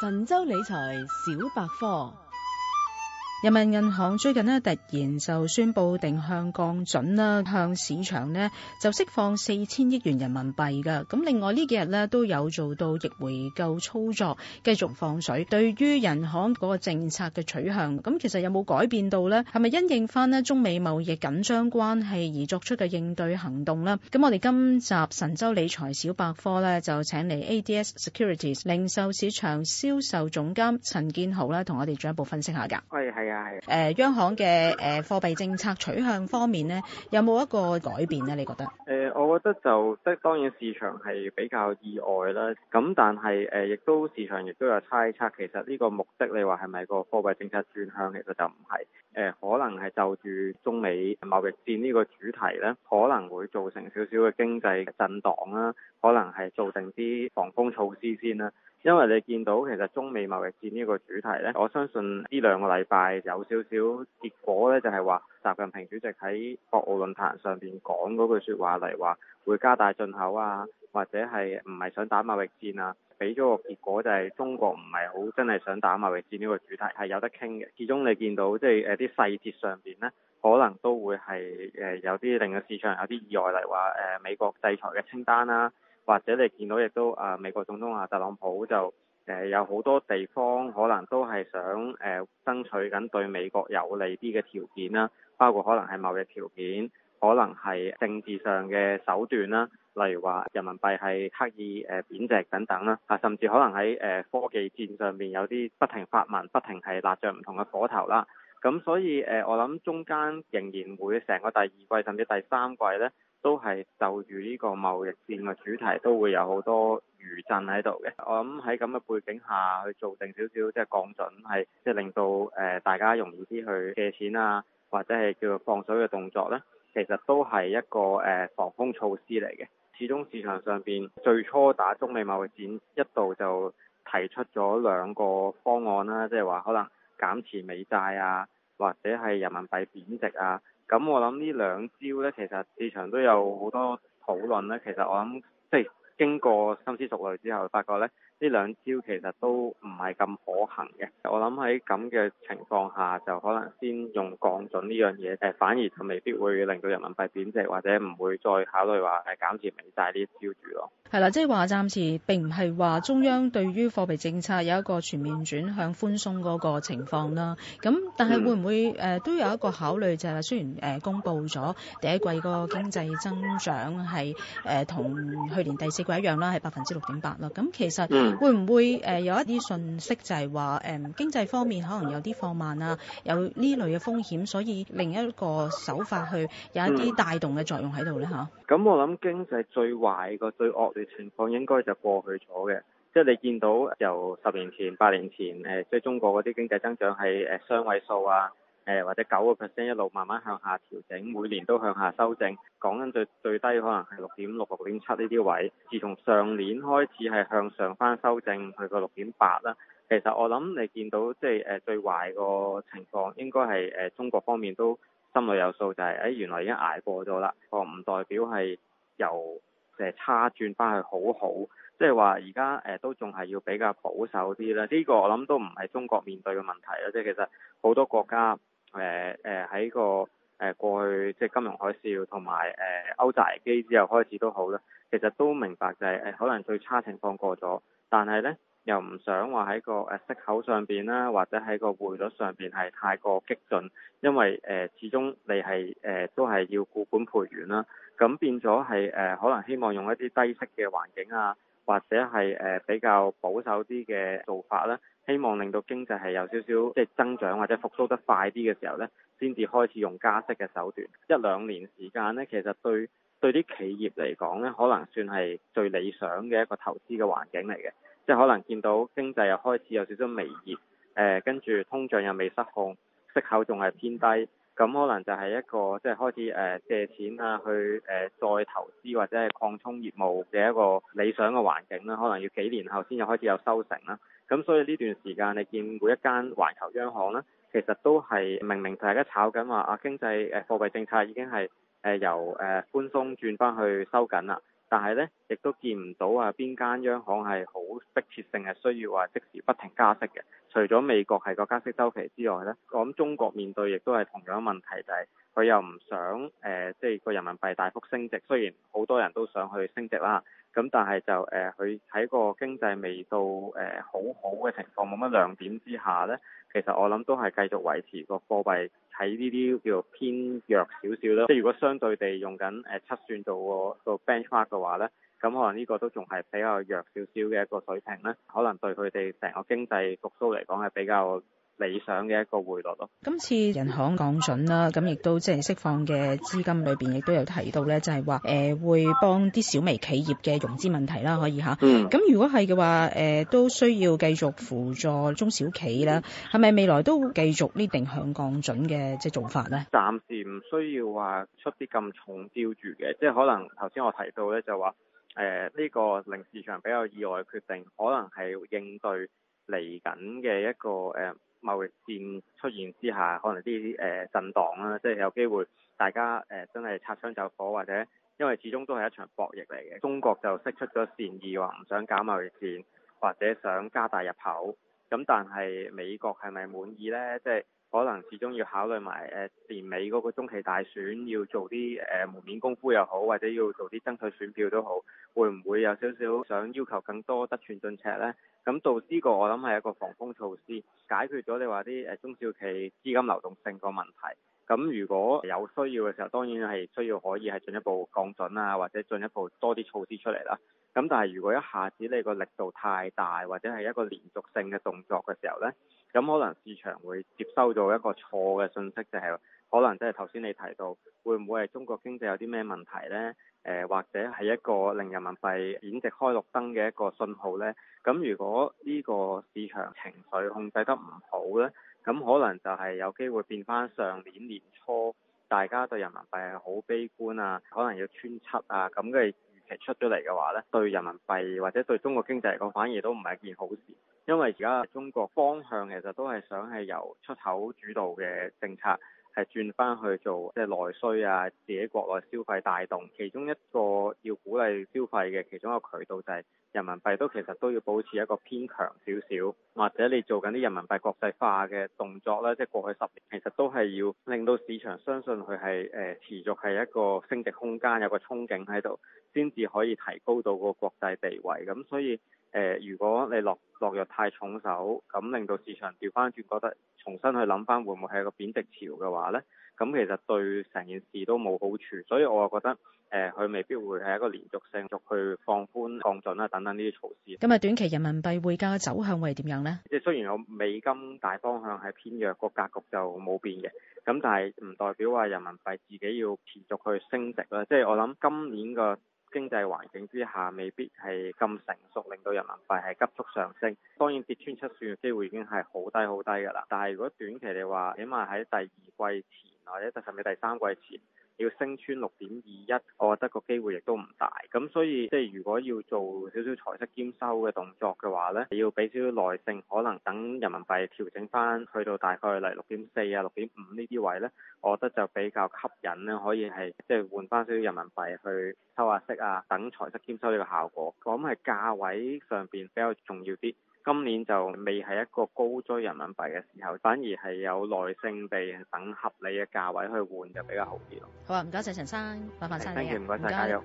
神州理財小百科。人民銀行最近呢突然就宣布定向降準啦，向市場呢就釋放四千億元人民幣噶。咁另外呢幾日呢都有做到逆回購操作，繼續放水。對於人行嗰個政策嘅取向，咁其實有冇改變到呢？係咪因應翻呢中美貿易緊張關係而作出嘅應對行動呢？咁我哋今集神州理財小百科呢，就請嚟 ADS Securities 零售市場銷售總監陳建豪呢，同我哋進一步分析下噶。係係。誒、呃、央行嘅誒、呃、貨幣政策取向方面咧，有冇一個改變咧？你覺得？誒、呃，我覺得就即係當然市場係比較意外啦。咁但係誒，亦、呃、都市場亦都有猜測。其實呢個目的，你話係咪個貨幣政策轉向？其實就唔係，誒、呃，可能係就住中美貿易戰呢個主題咧，可能會造成少少嘅經濟震盪啦、啊，可能係造成啲防風措施先啦、啊。因為你見到其實中美貿易戰呢個主題呢，我相信呢兩個禮拜有少少結果呢，就係話習近平主席喺博鰲論壇上邊講嗰句説話嚟話會加大進口啊，或者係唔係想打貿易戰啊？俾咗個結果就係中國唔係好真係想打貿易戰呢個主題係有得傾嘅。其中你見到即係啲細節上邊呢，可能都會係誒有啲令個市場有啲意外嚟話誒美國制裁嘅清單啦、啊。或者你見到亦都啊，美國總統啊，特朗普就誒、呃、有好多地方可能都係想誒、呃、爭取緊對美國有利啲嘅條件啦，包括可能係貿易條件，可能係政治上嘅手段啦，例如話人民幣係刻意誒、呃、貶值等等啦，嚇、啊，甚至可能喺誒、呃、科技戰上面有啲不停發文、不停係立着唔同嘅火頭啦。咁、啊、所以誒、呃，我諗中間仍然會成個第二季甚至第三季呢。都係就住呢個貿易戰嘅主題，都會有好多餘震喺度嘅。我諗喺咁嘅背景下去做定少少即係降準，係即係令到誒、呃、大家容易啲去借錢啊，或者係叫做放水嘅動作呢，其實都係一個誒、呃、防風措施嚟嘅。始終市場上邊最初打中美貿易戰一度就提出咗兩個方案啦、啊，即係話可能減持美債啊，或者係人民幣貶值啊。咁我諗呢兩招呢，其實市場都有好多討論呢。其實我諗，即係經過深思熟慮之後，發覺呢呢兩招其實都唔係咁可行嘅。我諗喺咁嘅情況下，就可能，先用降準呢樣嘢，誒反而就未必會令到人民幣貶值，或者唔會再考慮話誒減持美債啲招住咯。係啦，即係話暫時並唔係話中央對於貨幣政策有一個全面轉向寬鬆嗰個情況啦。咁但係會唔會誒都有一個考慮，就係話，雖然誒公布咗第一季個經濟增長係誒同去年第四季一樣啦，係百分之六點八啦。咁其實會唔會誒有一啲信息就係話誒經濟方面可能有啲放慢啊，有呢類嘅風險，所以另一個手法去有一啲帶動嘅作用喺度咧嚇。咁我諗經濟最壞個最惡劣情況應該就過去咗嘅，即係你見到由十年前、八年前誒，即、呃、係中國嗰啲經濟增長係誒雙位數啊，誒、呃呃、或者九個 percent 一路慢慢向下調整，每年都向下修正，講緊最最低可能係六點六、六點七呢啲位，自從上年開始係向上翻修正去到六點八啦。其實我諗你見到即係誒最壞個情況，應該係誒、呃、中國方面都心裏有數、就是，就係誒原來已經捱過咗啦。個唔代表係由誒差、呃、轉翻去好好，即係話而家誒都仲係要比較保守啲啦。呢、這個我諗都唔係中國面對嘅問題啦。即係其實好多國家誒誒喺個誒、呃、過去即係金融海嘯同埋誒歐債危機之後開始都好啦，其實都明白就係、是、誒、呃、可能最差情況過咗，但係咧。又唔想話喺個誒息口上邊啦，或者喺個匯率上邊係太過激進，因為誒、呃、始終你係誒、呃、都係要固本培元啦。咁變咗係誒可能希望用一啲低息嘅環境啊，或者係誒、呃、比較保守啲嘅做法啦。希望令到經濟係有少少即係、就是、增長或者復甦得快啲嘅時候咧，先至開始用加息嘅手段。一兩年時間咧，其實對對啲企業嚟講咧，可能算係最理想嘅一個投資嘅環境嚟嘅。即係可能見到經濟又開始有少少微熱，誒跟住通脹又未失控，息口仲係偏低，咁可能就係一個即係開始誒借錢啊，去誒再投資或者係擴充業務嘅一個理想嘅環境啦。可能要幾年後先有開始有收成啦。咁所以呢段時間你見每一間環球央行啦，其實都係明明大家炒緊話啊，經濟誒、啊、貨幣政策已經係誒、啊、由誒、啊、寬鬆轉翻去收緊啦。但係咧，亦都見唔到啊邊間央行係好迫切性係需要話即時不停加息嘅。除咗美國係個加息周期之外咧，我諗中國面對亦都係同樣問題，就係、是、佢又唔想誒，即係個人民幣大幅升值。雖然好多人都想去升值啦。咁但係就誒，佢、呃、喺個經濟未到誒好好嘅情況，冇乜亮點之下咧，其實我諗都係繼續維持個貨幣喺呢啲叫做偏弱少少咯。即係如果相對地用緊誒測算到個 bench mark 嘅話咧，咁可能呢個都仲係比較弱少少嘅一個水平咧，可能對佢哋成個經濟復甦嚟講係比較理想嘅一個匯率咯。今次人行降準啦，咁亦都即係、就是、釋放嘅資金裏邊，亦都有提到咧，就係話誒會幫啲小微企業嘅融資問題啦，可以嚇。嗯。咁如果係嘅話，誒、呃、都需要繼續輔助中小企啦。係咪未來都繼續呢定向降，降準嘅即係做法咧？暫時唔需要話出啲咁重標注嘅，即、就、係、是、可能頭先我提到咧就話誒呢個令市場比較意外嘅決定，可能係應對嚟緊嘅一個誒。呃貿易戰出現之下，可能啲誒、呃、震盪啦，即係有機會大家誒、呃、真係擦槍走火，或者因為始終都係一場博弈嚟嘅，中國就釋出咗善意話唔想搞貿易戰，或者想加大入口，咁但係美國係咪滿意呢？即係？可能始終要考慮埋誒年尾嗰個中期大選要做啲誒門面功夫又好，或者要做啲爭取選票都好，會唔會有少少想要求更多得寸進尺呢？咁到呢個我諗係一個防風措施，解決咗你話啲誒中小企資金流動性個問題。咁如果有需要嘅時候，當然係需要可以係進一步降準啊，或者進一步多啲措施出嚟啦。咁但係如果一下子你個力度太大，或者係一個連續性嘅動作嘅時候咧，咁可能市場會接收到一個錯嘅信息，就係、是、可能即係頭先你提到，會唔會係中國經濟有啲咩問題咧？誒、呃、或者係一個令人民幣貶值開綠燈嘅一個信號咧？咁如果呢個市場情緒控制得唔好咧？咁可能就係有機會變翻上年年初，大家對人民幣係好悲觀啊，可能要穿七啊，咁嘅預期出咗嚟嘅話呢，對人民幣或者對中國經濟嚟講，反而都唔係一件好事，因為而家中國方向其實都係想係由出口主導嘅政策。係轉翻去做即係內需啊，自己國內消費帶動。其中一個要鼓勵消費嘅其中一個渠道就係人民幣，都其實都要保持一個偏強少少，或者你做緊啲人民幣國際化嘅動作咧。即係過去十年其實都係要令到市場相信佢係誒持續係一個升值空間，有個憧憬喺度，先至可以提高到個國際地位。咁所以。誒、呃，如果你落落藥太重手，咁令到市場調翻轉，覺得重新去諗翻會唔會係一個貶值潮嘅話呢，咁其實對成件事都冇好處，所以我又覺得誒，佢、呃、未必會係一個連續性續去放寬、降準啦等等呢啲措施。咁短期人民幣匯價嘅走向會係點樣呢？即係雖然我美金大方向係偏弱，個格局就冇變嘅，咁但係唔代表話人民幣自己要持續去升值啦。即係我諗今年個。經濟環境之下未必係咁成熟，令到人民幣係急速上升。當然跌穿七算嘅機會已經係好低好低㗎啦。但係如果短期嚟話，起碼喺第二季前或者甚至第三季前。要升穿六點二一，我覺得個機會亦都唔大。咁所以即係如果要做少少財息兼收嘅動作嘅話咧，要俾少少耐性，可能等人民幣調整翻去到大概嚟六點四啊、六點五呢啲位呢，我覺得就比較吸引咧，可以係即係換翻少少人民幣去收下息啊，等財息兼收呢個效果。咁係價位上邊比較重要啲。今年就未係一個高追人民幣嘅時候，反而係有耐性地等合理嘅價位去換就比較好啲咯。好啊，唔該曬陳生，唔該晒，陳生，唔該晒。謝謝加油。